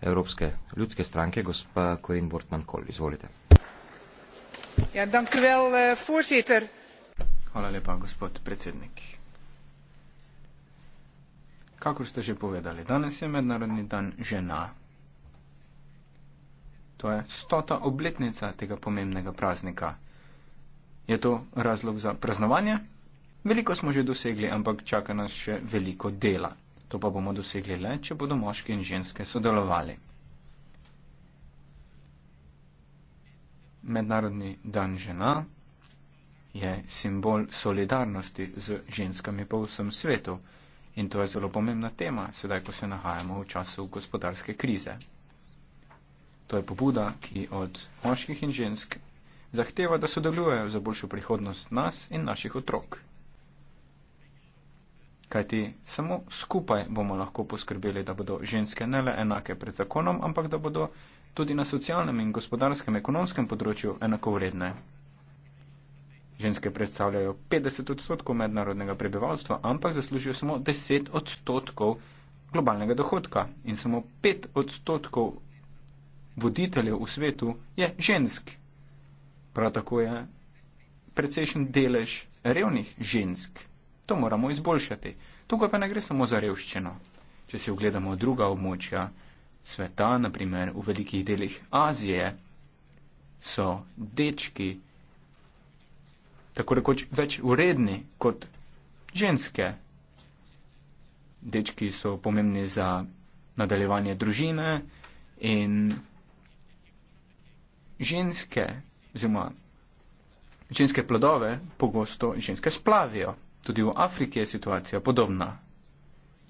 Evropske ljudske stranke, gospa Corinne Bortman-Koll. Izvolite. Ja, dank u wel, eh, voorzitter. Hvala lepa, gospod predsednik. Kakor ste že povedali, danes je mednarodni dan žena. To je stota obletnica tega pomembnega praznika. Je to razlog za praznovanje? Veliko smo že dosegli, ampak čaka nas še veliko dela. To pa bomo dosegli le, če bodo moški in ženske sodelovali. Mednarodni dan žena je simbol solidarnosti z ženskami po vsem svetu in to je zelo pomembna tema, sedaj ko se nahajamo v času gospodarske krize. To je pobuda, ki od moških in žensk zahteva, da sodelujejo za boljšo prihodnost nas in naših otrok kajti samo skupaj bomo lahko poskrbeli, da bodo ženske ne le enake pred zakonom, ampak da bodo tudi na socialnem in gospodarskem, ekonomskem področju enakovredne. Ženske predstavljajo 50 odstotkov mednarodnega prebivalstva, ampak zaslužijo samo 10 odstotkov globalnega dohodka in samo 5 odstotkov voditeljev v svetu je žensk. Prav tako je precejšen delež revnih žensk. To moramo izboljšati. Tukaj pa ne gre samo za revščino. Če si ogledamo druga območja sveta, naprimer v velikih delih Azije, so dečki tako rekoč več uredni kot ženske. Dečki so pomembni za nadaljevanje družine in ženske, oziroma ženske plodove pogosto ženske splavijo. Tudi v Afriki je situacija podobna.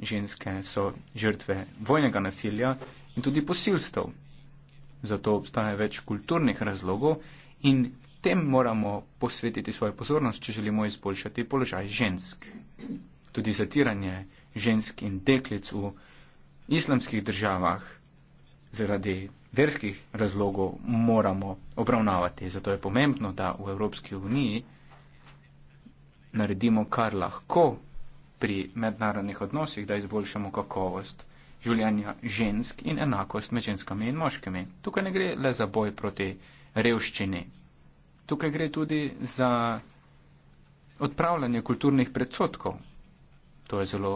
Ženske so žrtve vojnega nasilja in tudi posilstv. Zato obstaja več kulturnih razlogov in tem moramo posvetiti svojo pozornost, če želimo izboljšati položaj žensk. Tudi zatiranje žensk in deklic v islamskih državah zaradi verskih razlogov moramo obravnavati. Zato je pomembno, da v Evropski uniji naredimo, kar lahko pri mednarodnih odnosih, da izboljšamo kakovost življenja žensk in enakost med ženskami in moškimi. Tukaj ne gre le za boj proti revščini. Tukaj gre tudi za odpravljanje kulturnih predsotkov. To je zelo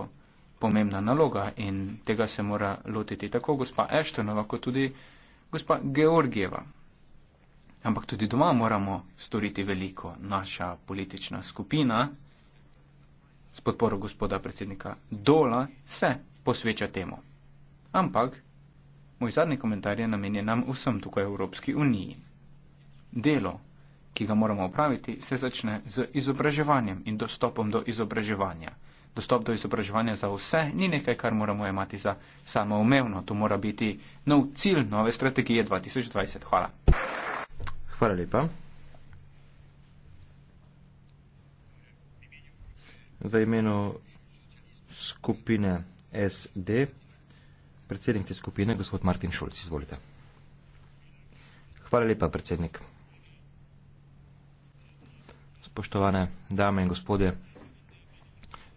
pomembna naloga in tega se mora lotiti tako gospa Eštonova, kot tudi gospa Georgijeva. Ampak tudi doma moramo storiti veliko, naša politična skupina s podporo gospoda predsednika Dola se posveča temu. Ampak moj zadnji komentar je namenjen nam vsem tukaj v Evropski uniji. Delo, ki ga moramo opraviti, se začne z izobraževanjem in dostopom do izobraževanja. Dostop do izobraževanja za vse ni nekaj, kar moramo imati za samoumevno. To mora biti nov cilj nove strategije 2020. Hvala. Hvala lepa. V imenu skupine SD, predsednik te skupine, gospod Martin Šulc, izvolite. Hvala lepa, predsednik. Spoštovane dame in gospode,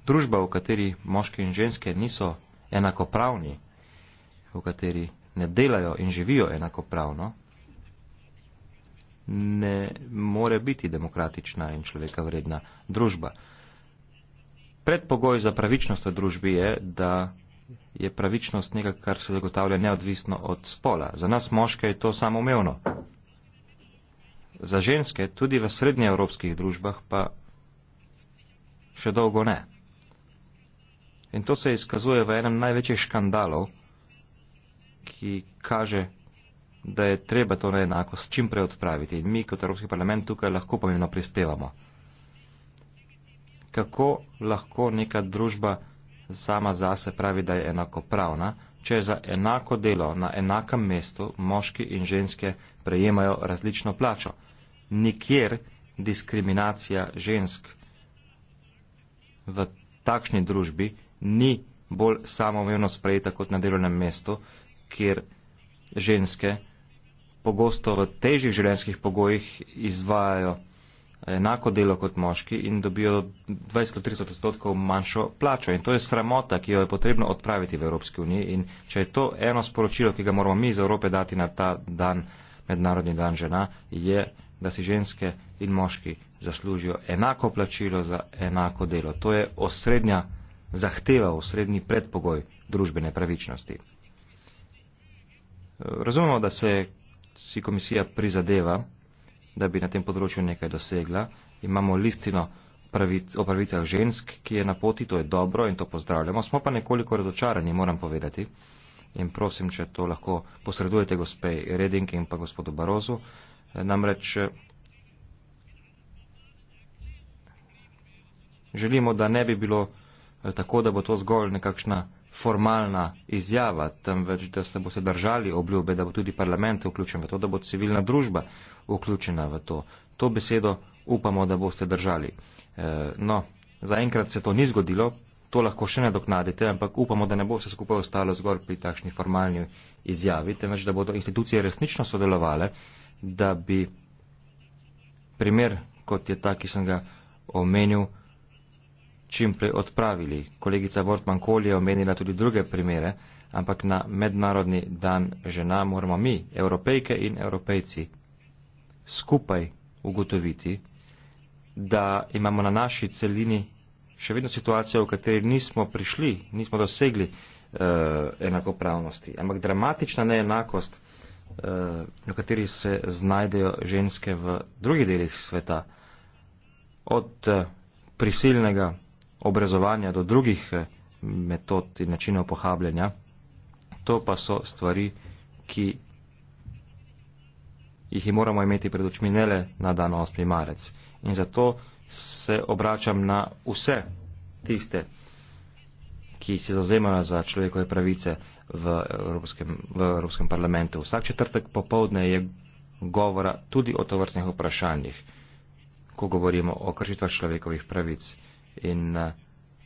družba, v kateri moški in ženske niso enakopravni, v kateri ne delajo in živijo enakopravno, ne more biti demokratična in človeka vredna družba. Predpogoj za pravičnost v družbi je, da je pravičnost nekaj, kar se zagotavlja neodvisno od spola. Za nas moške je to samoumevno. Za ženske, tudi v srednjeevropskih družbah, pa še dolgo ne. In to se izkazuje v enem največjih škandalov, ki kaže da je treba to neenakost čim prej odpraviti. In mi kot Evropski parlament tukaj lahko pomembno prispevamo. Kako lahko neka družba sama zase pravi, da je enakopravna, če za enako delo na enakem mestu moški in ženske prejemajo različno plačo? Nikjer diskriminacija žensk v takšni družbi ni bolj samoumevno sprejeta kot na delovnem mestu, kjer ženske pogosto v težjih življenjskih pogojih izvajajo enako delo kot moški in dobijo 20-30 odstotkov manjšo plačo. In to je sramota, ki jo je potrebno odpraviti v Evropski uniji. In če je to eno sporočilo, ki ga moramo mi iz Evrope dati na ta dan, mednarodni dan žena, je, da si ženske in moški zaslužijo enako plačilo za enako delo. To je osrednja zahteva, osrednji predpogoj družbene pravičnosti. Razumemo, da se si komisija prizadeva, da bi na tem področju nekaj dosegla. Imamo listino pravic, o pravicah žensk, ki je na poti, to je dobro in to pozdravljamo. Smo pa nekoliko razočarani, moram povedati. In prosim, če to lahko posredujete gospe Reding in pa gospodu Barozu. Namreč eh, želimo, da ne bi bilo eh, tako, da bo to zgolj nekakšna formalna izjava, temveč, da se bo se držali obljube, da bo tudi parlament vključen v to, da bo civilna družba vključena v to. To besedo upamo, da boste držali. Eh, no, zaenkrat se to ni zgodilo, to lahko še ne doknadite, ampak upamo, da ne bo vse skupaj ostalo zgolj pri takšni formalni izjavi, temveč, da bodo institucije resnično sodelovale, da bi primer, kot je ta, ki sem ga omenil, čim prej odpravili. Kolegica Vortman Kol je omenila tudi druge primere, ampak na mednarodni dan žena moramo mi, evropejke in evropejci, skupaj ugotoviti, da imamo na naši celini še vedno situacijo, v kateri nismo prišli, nismo dosegli uh, enakopravnosti, ampak dramatična neenakost, uh, v kateri se znajdejo ženske v drugih delih sveta, od uh, prisilnega obrazovanja, do drugih eh, metod in načinov pohabljanja. To pa so stvari, ki jih moramo imeti pred očmi ne le na dan 8. marec. In zato se obračam na vse tiste, ki se zauzemajo za človekove pravice v Evropskem, v Evropskem parlamentu. Vsak četrtek popovdne je govora tudi o tovrstnih vprašanjih, ko govorimo o kršitvah človekovih pravic in eh,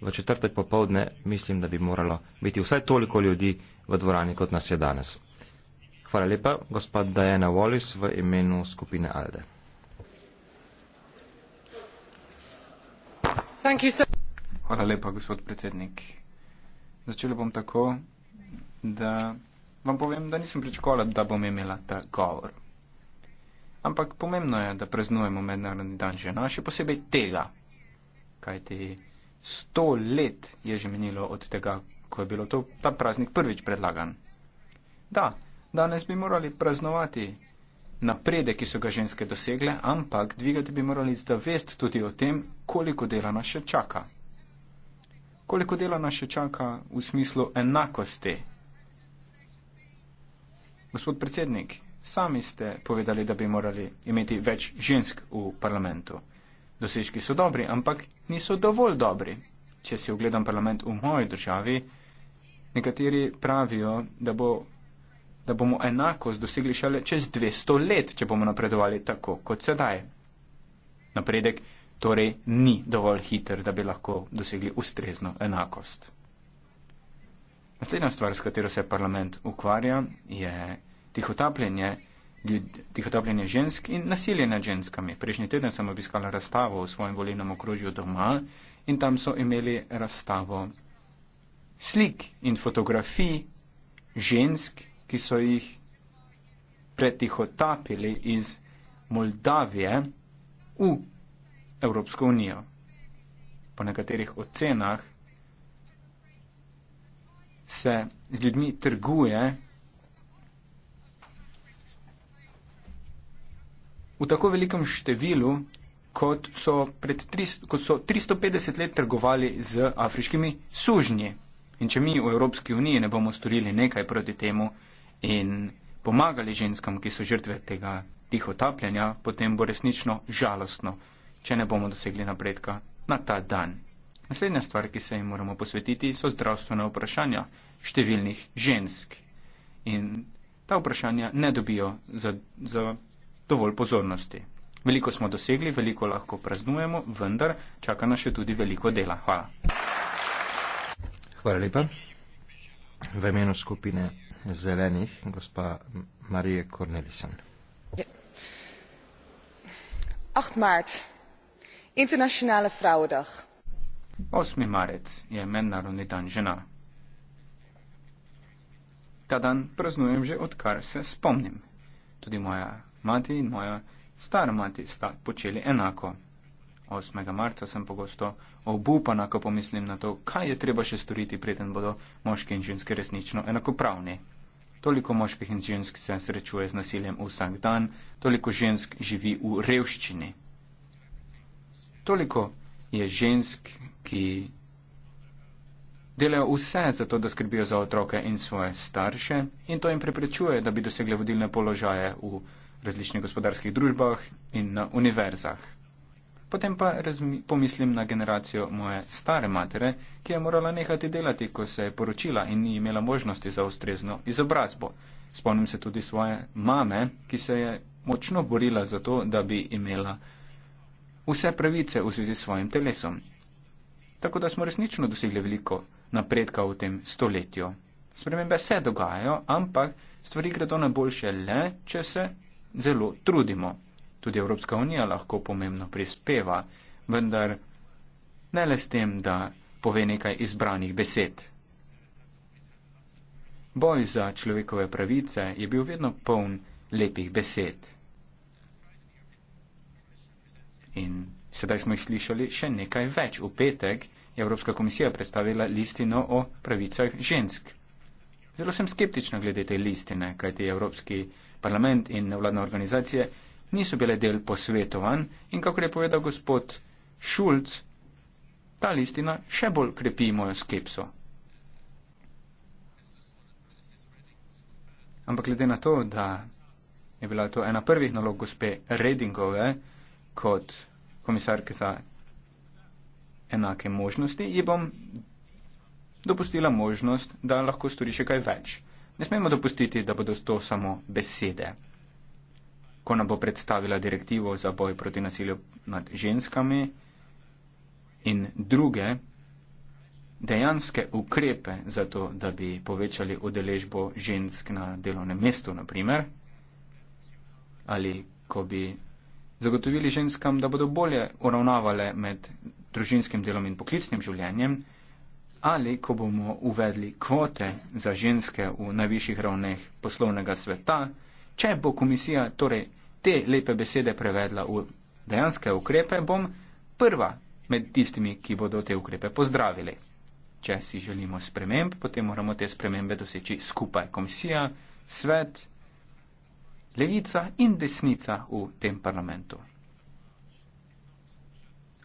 v četrtek popovdne mislim, da bi moralo biti vsaj toliko ljudi v dvorani, kot nas je danes. Hvala lepa, gospod Diana Wallis v imenu skupine Alde. Hvala lepa, gospod predsednik. Začel bom tako, da vam povem, da nisem pričakovala, da bom imela ta govor. Ampak pomembno je, da preznujemo mednarodni dan žena, še posebej tega kajti sto let je že minilo od tega, ko je bilo to, ta praznik prvič predlagan. Da, danes bi morali praznovati napredek, ki so ga ženske dosegle, ampak dvigati bi morali zavest tudi o tem, koliko dela nas še čaka. Koliko dela nas še čaka v smislu enakosti? Gospod predsednik, sami ste povedali, da bi morali imeti več žensk v parlamentu. Dosežki so dobri, ampak niso dovolj dobri. Če si ogledam parlament v moji državi, nekateri pravijo, da, bo, da bomo enakost dosegli šele čez 200 let, če bomo napredovali tako kot sedaj. Napredek torej ni dovolj hiter, da bi lahko dosegli ustrezno enakost. Naslednja stvar, s katero se parlament ukvarja, je tihotapljenje tihotapljenje žensk in nasilje nad ženskami. Prejšnji teden sem obiskala razstavo v svojem volilnem okrožju doma in tam so imeli razstavo slik in fotografij žensk, ki so jih pretihotapili iz Moldavije v Evropsko unijo. Po nekaterih ocenah se z ljudmi trguje v tako velikem številu, kot so, pred, kot so 350 let trgovali z afriškimi sužnji. In če mi v Evropski uniji ne bomo storili nekaj proti temu in pomagali ženskam, ki so žrtve tega tihotapljanja, potem bo resnično žalostno, če ne bomo dosegli napredka na ta dan. Naslednja stvar, ki se jim moramo posvetiti, so zdravstvena vprašanja številnih žensk. In ta vprašanja ne dobijo za, za dovolj pozornosti. Veliko smo dosegli, veliko lahko praznujemo, vendar čaka nas še tudi veliko dela. Hvala. Hvala lepa. V imenu skupine zelenih, gospa Marije Kornelisen. 8. marec je mednarodni dan žena. Ta dan praznujem že odkar se spomnim. Tudi moja mati in moja stara mati sta počeli enako. 8. marca sem pogosto obupana, ko pomislim na to, kaj je treba še storiti, preden bodo moški in ženske resnično enakopravni. Toliko moških in žensk se srečuje z nasiljem vsak dan, toliko žensk živi v revščini. Toliko je žensk, ki delajo vse za to, da skrbijo za otroke in svoje starše in to jim preprečuje, da bi dosegle vodilne položaje v revščini različnih gospodarskih družbah in na univerzah. Potem pa pomislim na generacijo moje stare matere, ki je morala nehati delati, ko se je poročila in ni imela možnosti za ustrezno izobrazbo. Spomnim se tudi svoje mame, ki se je močno borila za to, da bi imela vse pravice v zvezi s svojim telesom. Tako da smo resnično dosegli veliko napredka v tem stoletju. Spremembe se dogajajo, ampak stvari gredo na boljše le, če se zelo trudimo. Tudi Evropska unija lahko pomembno prispeva, vendar ne le s tem, da pove nekaj izbranih besed. Boj za človekove pravice je bil vedno poln lepih besed. In sedaj smo jih slišali še nekaj več. V petek je Evropska komisija predstavila listino o pravicah žensk. Zelo sem skeptična glede te listine, kajti Evropski parlament in nevladne organizacije niso bile del posvetovanj in kako je povedal gospod Šulc, ta listina še bolj krepi mojo skepso. Ampak glede na to, da je bila to ena prvih nalog gospe Redingove kot komisarke za enake možnosti, ji bom dopustila možnost, da lahko stori še kaj več. Ne smemo dopustiti, da bodo to samo besede. Ko nam bo predstavila direktivo za boj proti nasilju nad ženskami in druge dejanske ukrepe za to, da bi povečali udeležbo žensk na delovnem mestu, naprimer, ali ko bi zagotovili ženskam, da bodo bolje uravnavale med družinskim delom in poklicnim življenjem, ali ko bomo uvedli kvote za ženske v najvišjih ravneh poslovnega sveta, če bo komisija torej te lepe besede prevedla v dejanske ukrepe, bom prva med tistimi, ki bodo te ukrepe pozdravili. Če si želimo sprememb, potem moramo te spremembe doseči skupaj komisija, svet, levica in desnica v tem parlamentu.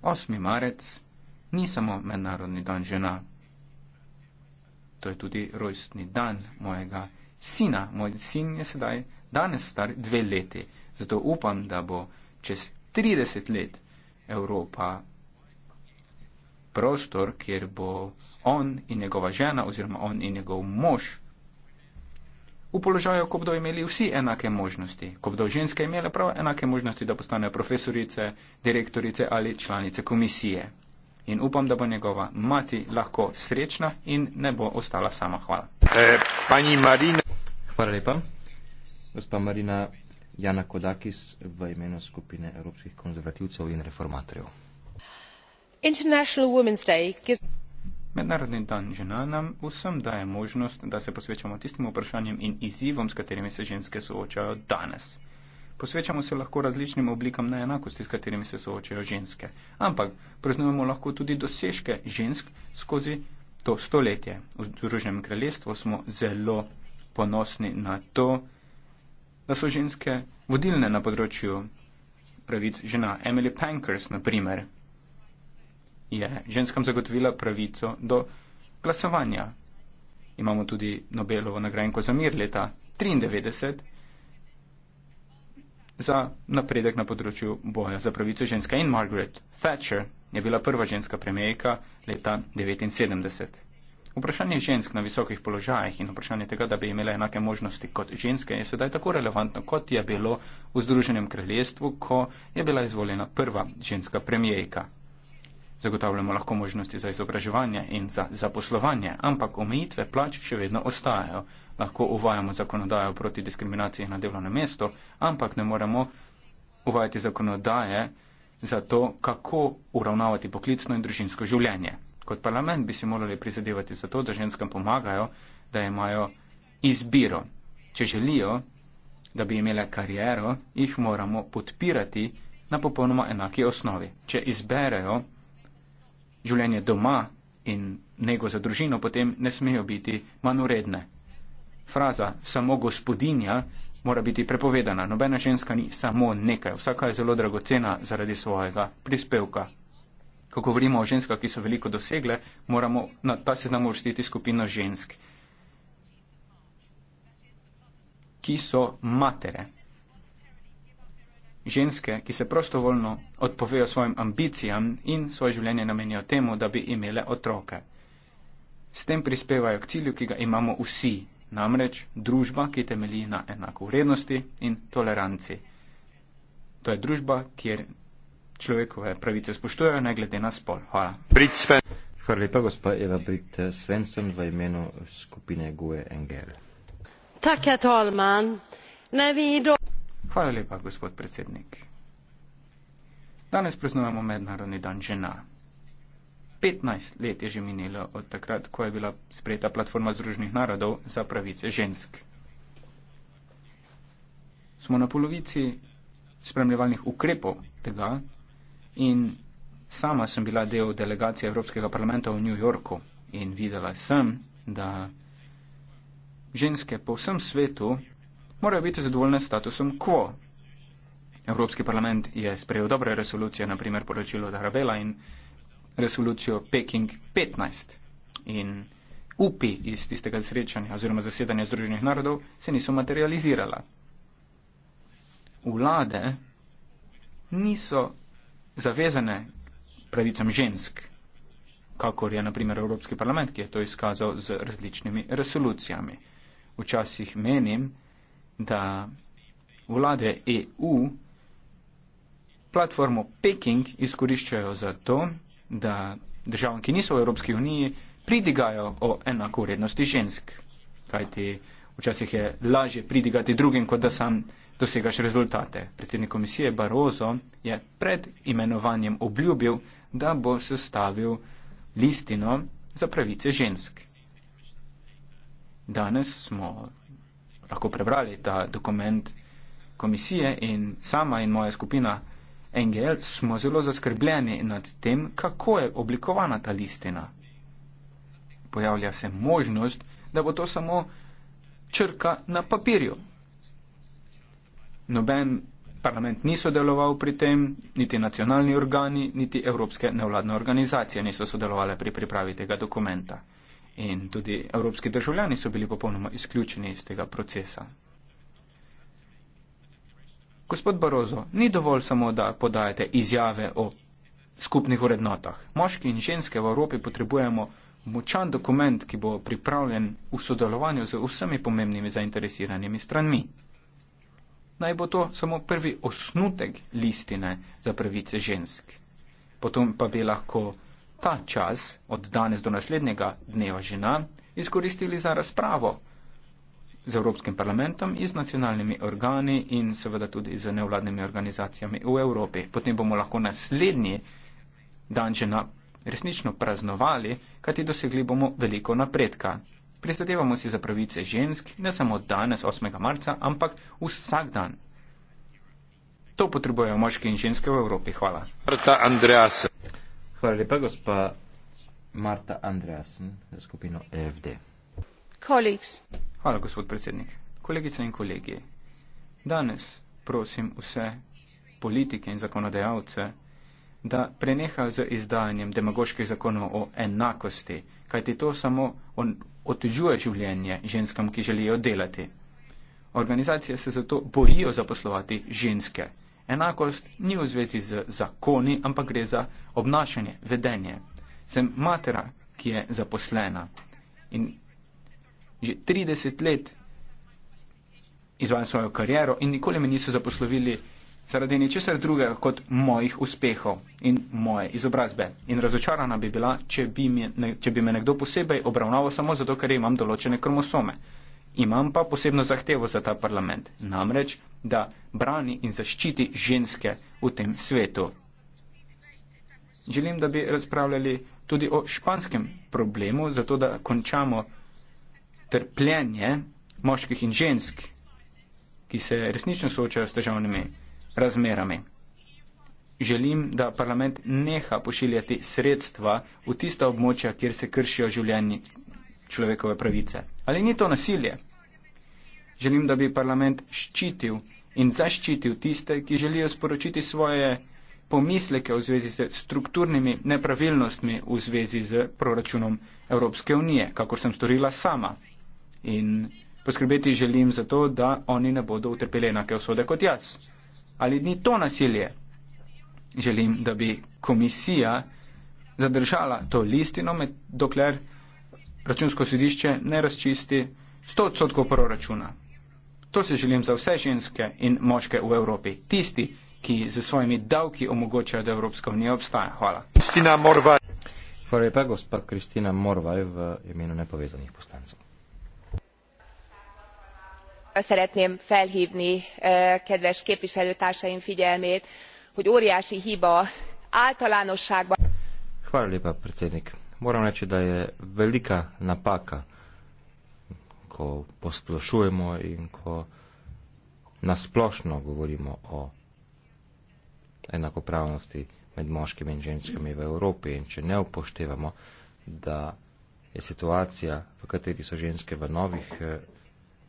8. marec ni samo mednarodni dan žena, to je tudi rojstni dan mojega sina. Moj sin je sedaj danes star dve leti. Zato upam, da bo čez 30 let Evropa prostor, kjer bo on in njegova žena oziroma on in njegov mož v položaju, ko bodo imeli vsi enake možnosti, ko bodo ženske imele prav enake možnosti, da postanejo profesorice, direktorice ali članice komisije in upam, da bo njegova mati lahko srečna in ne bo ostala sama. Hvala. E, Hvala lepa. Gospa Marina Jana Kodakis v imenu skupine Evropskih konzervativcev in reformatorjev. Mednarodni dan žena nam vsem daje možnost, da se posvečamo tistim vprašanjem in izzivom, s katerimi se ženske soočajo danes. Posvečamo se lahko različnim oblikam neenakosti, s katerimi se soočajo ženske. Ampak preznujemo lahko tudi dosežke žensk skozi to stoletje. V Združenem kraljestvu smo zelo ponosni na to, da so ženske vodilne na področju pravic žena. Emily Pankers, na primer, je ženskam zagotovila pravico do glasovanja. Imamo tudi Nobelovo nagrajenko za mir leta 1993 za napredek na področju boja za pravice ženske. In Margaret Thatcher je bila prva ženska premijejka leta 1979. Vprašanje žensk na visokih položajih in vprašanje tega, da bi imele enake možnosti kot ženske, je sedaj tako relevantno, kot je bilo v Združenem kraljestvu, ko je bila izvoljena prva ženska premijejka. Zagotavljamo lahko možnosti za izobraževanje in za zaposlovanje, ampak omejitve plač še vedno ostajajo lahko uvajamo zakonodajo proti diskriminaciji na delovnem mestu, ampak ne moremo uvajati zakonodaje za to, kako uravnavati poklicno in družinsko življenje. Kot parlament bi si morali prizadevati za to, da ženskam pomagajo, da imajo izbiro. Če želijo, da bi imele kariero, jih moramo podpirati na popolnoma enaki osnovi. Če izberejo življenje doma in nego za družino, potem ne smejo biti manj uredne fraza samo gospodinja mora biti prepovedana. Nobena ženska ni samo nekaj, vsaka je zelo dragocena zaradi svojega prispevka. Ko govorimo o ženskah, ki so veliko dosegle, moramo na ta seznam uvrstiti skupino žensk, ki so matere. Ženske, ki se prostovoljno odpovejo svojim ambicijam in svoje življenje namenijo temu, da bi imele otroke. S tem prispevajo k cilju, ki ga imamo vsi, Namreč družba, ki temelji na enakovrednosti in toleranci. To je družba, kjer človekove pravice spoštujejo, ne glede na spol. Hvala. Hvala lepa, gospa Eva Brit eh, Svensson, v imenu skupine Gue Engel. Hvala lepa, gospod predsednik. Danes praznujemo Mednarodni dan žena. 15 let je že minilo od takrat, ko je bila sprejeta platforma Združenih narodov za pravice žensk. Smo na polovici spremljevalnih ukrepov tega in sama sem bila del delegacije Evropskega parlamenta v New Yorku in videla sem, da ženske po vsem svetu morajo biti zadovoljne s statusom quo. Evropski parlament je sprejel dobre resolucije, naprimer poročilo Darabela in resolucijo Peking 15. In upi iz tistega srečanja oziroma zasedanja Združenih narodov se niso materializirala. Vlade niso zavezane pravicam žensk, kakor je naprimer Evropski parlament, ki je to izkazal z različnimi resolucijami. Včasih menim, da vlade EU platformo Peking izkoriščajo za to, da državam, ki niso v Evropski uniji, pridigajo o enako vrednosti žensk. Kajti včasih je lažje pridigati drugim, kot da sam dosegaš rezultate. Predsednik komisije Barozo je pred imenovanjem obljubil, da bo sestavil listino za pravice žensk. Danes smo lahko prebrali ta dokument komisije in sama in moja skupina Engel, smo zelo zaskrbljeni nad tem, kako je oblikovana ta listina. Pojavlja se možnost, da bo to samo črka na papirju. Noben parlament ni sodeloval pri tem, niti nacionalni organi, niti evropske nevladne organizacije niso sodelovali pri pripravi tega dokumenta. In tudi evropski državljani so bili popolnoma izključeni iz tega procesa. Gospod Barozo, ni dovolj samo, da podajate izjave o skupnih vrednotah. Moški in ženske v Evropi potrebujemo močan dokument, ki bo pripravljen v sodelovanju z vsemi pomembnimi zainteresiranimi stranmi. Naj bo to samo prvi osnutek listine za pravice žensk. Potem pa bi lahko ta čas od danes do naslednjega dneva žena izkoristili za razpravo z Evropskim parlamentom in z nacionalnimi organi in seveda tudi z nevladnimi organizacijami v Evropi. Potem bomo lahko naslednji dan že na resnično praznovali, kajti dosegli bomo veliko napredka. Prizadevamo si za pravice žensk ne samo danes, 8. marca, ampak vsak dan. To potrebujejo moški in ženske v Evropi. Hvala. Marta Andreas. Hvala lepa, gospa Marta Andreasen, za skupino EFD. Colleagues. Hvala, gospod predsednik. Kolegice in kolegi, danes prosim vse politike in zakonodajalce, da prenehajo z izdajanjem demagoških zakonov o enakosti, kajti to samo otežuje življenje ženskam, ki želijo delati. Organizacije se zato borijo zaposlovati ženske. Enakost ni v zvezi z zakoni, ampak gre za obnašanje, vedenje. Sem matera, ki je zaposlena in že 30 let izvajam svojo kariero in nikoli me niso zaposlovili zaradi ničesar drugega kot mojih uspehov in moje izobrazbe. In razočarana bi bila, če bi me, ne, če bi me nekdo posebej obravnaval samo zato, ker imam določene kromosome. Imam pa posebno zahtevo za ta parlament, namreč, da brani in zaščiti ženske v tem svetu. Želim, da bi razpravljali tudi o španskem problemu, zato da končamo trpljenje moških in žensk, ki se resnično soočajo s težavnimi razmerami. Želim, da parlament neha pošiljati sredstva v tista območja, kjer se kršijo življenje človekove pravice. Ali ni to nasilje? Želim, da bi parlament ščitil in zaščitil tiste, ki želijo sporočiti svoje pomisleke v zvezi s strukturnimi nepravilnostmi v zvezi z proračunom Evropske unije, kakor sem storila sama in poskrbeti želim za to, da oni ne bodo utrpeli enake usode kot jaz. Ali ni to nasilje? Želim, da bi komisija zadržala to listino, med, dokler računsko sodišče ne razčisti 100 odstotkov proračuna. To se želim za vse ženske in moške v Evropi, tisti, ki za svojimi davki omogočajo, da Evropska unija obstaja. Hvala. Hvala lepa, gospa Kristina Morvaj v imenu nepovezanih poslancev szeretném felhvni eh, kedves képviselőtársaim figyelmét hogy óriási hiba általánosságban. hvala lepa predsednik moram reči da je velika napaka ko posplošujemo in ko nasplošno govorimo o enakopravnosti med moškimi in ženskami v evropi in če ne upoštevamo da je situacija v kateri so ženske v novih eh,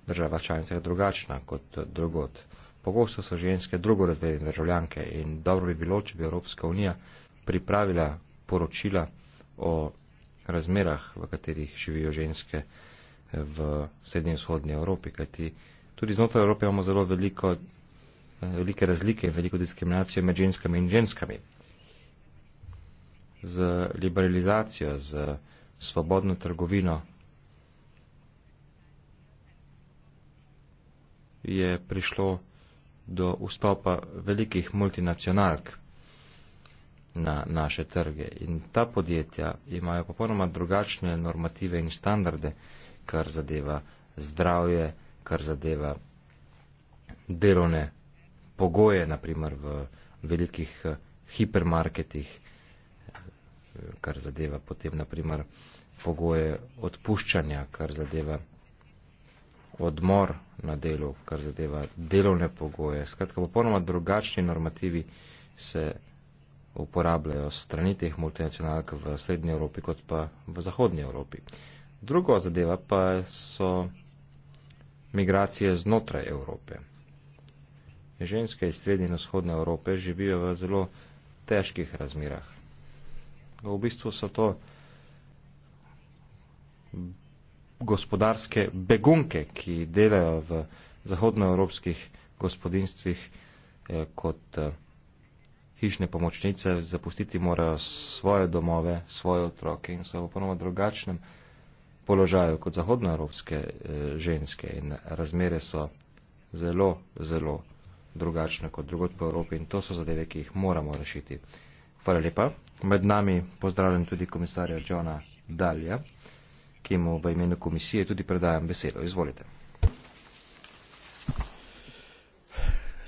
država članica je drugačna kot drugot. Pogosto so ženske drugorazredne državljanke in dobro bi bilo, če bi Evropska unija pripravila poročila o razmerah, v katerih živijo ženske v srednji in vzhodnji Evropi, kajti tudi znotraj Evrope imamo zelo veliko, velike razlike in veliko diskriminacijo med ženskami in ženskami. Z liberalizacijo, z svobodno trgovino je prišlo do vstopa velikih multinacionalk na naše trge. In ta podjetja imajo popolnoma drugačne normative in standarde, kar zadeva zdravje, kar zadeva delovne pogoje, naprimer v velikih eh, hipermarketih, eh, kar zadeva potem naprimer pogoje odpuščanja, kar zadeva odmor na delu, kar zadeva delovne pogoje. Skratka, popolnoma drugačni normativi se uporabljajo strani teh multinacionalk v Srednji Evropi kot pa v Zahodnji Evropi. Drugo zadeva pa so migracije znotraj Evrope. Ženske iz Srednje in Vzhodne Evrope živijo v zelo težkih razmirah. V bistvu so to gospodarske begunke, ki delajo v zahodnoevropskih gospodinstvih eh, kot eh, hišne pomočnice, zapustiti morajo svoje domove, svoje otroke in so v ponovno drugačnem položaju kot zahodnoevropske eh, ženske in razmere so zelo, zelo drugačne kot drugot po Evropi in to so zadeve, ki jih moramo rešiti. Hvala lepa. Med nami pozdravljam tudi komisarja Johna Dalja ki mu v imenu komisije tudi predajam besedo. Izvolite.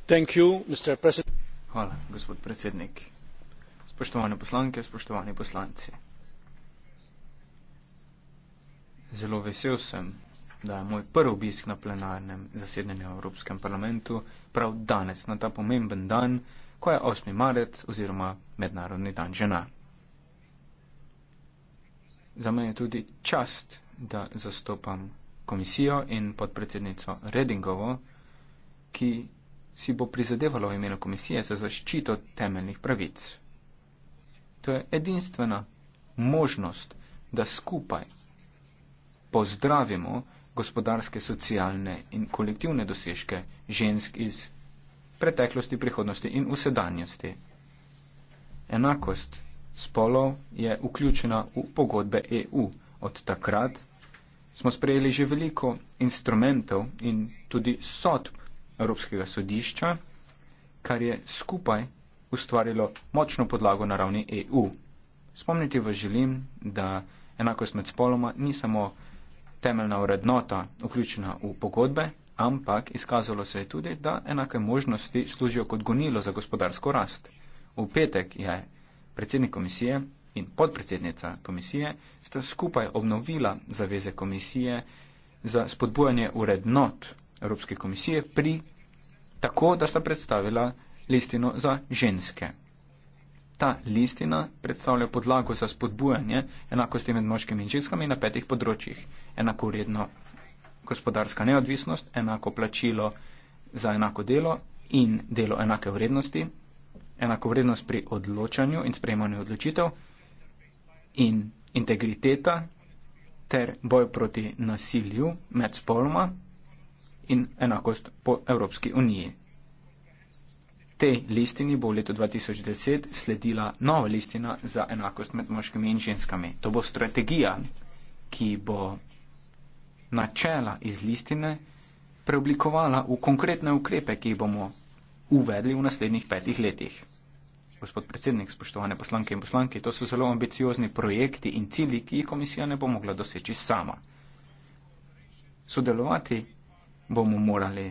Thank you, Mr. Hvala, gospod predsednik. Spoštovane poslanke, spoštovani poslanci. Zelo vesel sem, da je moj prvi obisk na plenarnem zasedanju v Evropskem parlamentu prav danes, na ta pomemben dan, ko je 8. marec oziroma Mednarodni dan žena za mene tudi čast, da zastopam komisijo in podpredsednico Redingovo, ki si bo prizadevalo v imenu komisije za zaščito temeljnih pravic. To je edinstvena možnost, da skupaj pozdravimo gospodarske, socialne in kolektivne dosežke žensk iz preteklosti, prihodnosti in usedanjosti. Enakost spolov je vključena v pogodbe EU. Od takrat smo sprejeli že veliko instrumentov in tudi sodb Evropskega sodišča, kar je skupaj ustvarilo močno podlago na ravni EU. Spomniti vas želim, da enakost med spoloma ni samo temeljna urednota vključena v pogodbe, ampak izkazalo se je tudi, da enake možnosti služijo kot gonilo za gospodarsko rast. V petek je Predsednik komisije in podpredsednica komisije sta skupaj obnovila zaveze komisije za spodbujanje urednot Evropske komisije pri tako, da sta predstavila listino za ženske. Ta listina predstavlja podlago za spodbujanje enakosti med moškimi in ženskami na petih področjih. Enako uredno gospodarska neodvisnost, enako plačilo za enako delo in delo enake vrednosti, enakovrednost pri odločanju in sprejemanju odločitev in integriteta ter boj proti nasilju med spoloma in enakost po Evropski uniji. Tej listini bo v letu 2010 sledila nova listina za enakost med moškimi in ženskami. To bo strategija, ki bo načela iz listine preoblikovala v konkretne ukrepe, ki jih bomo uvedli v naslednjih petih letih. Gospod predsednik, spoštovane poslanke in poslanke, to so zelo ambiciozni projekti in cili, ki jih komisija ne bo mogla doseči sama. Sodelovati bomo morali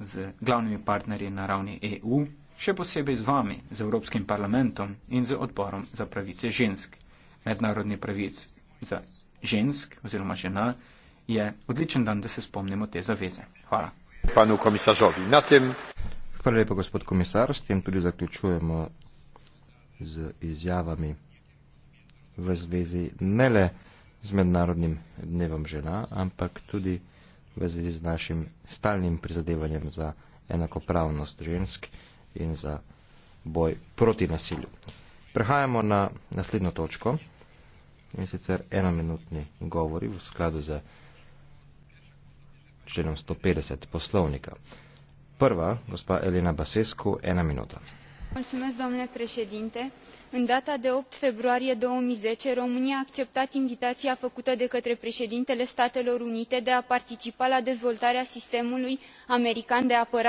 z glavnimi partnerji na ravni EU, še posebej z vami, z Evropskim parlamentom in z odborom za pravice žensk. Mednarodni pravic za žensk oziroma žena je odličen dan, da se spomnimo te zaveze. Hvala. Panu komisarzowi, na tym... Hvala lepa, gospod komisar. S tem tudi zaključujemo z izjavami v zvezi ne le z mednarodnim dnevom žena, ampak tudi v zvezi z našim stalnim prizadevanjem za enakopravnost žensk in za boj proti nasilju. Prehajamo na naslednjo točko in sicer enominutni govori v skladu z členom 150 poslovnika. Prva, gospa Elena Basescu, ena minută. Mulțumesc, domnule președinte. În data de 8 februarie 2010, România a acceptat invitația făcută de către președintele Statelor Unite de a participa la dezvoltarea sistemului american de apărare.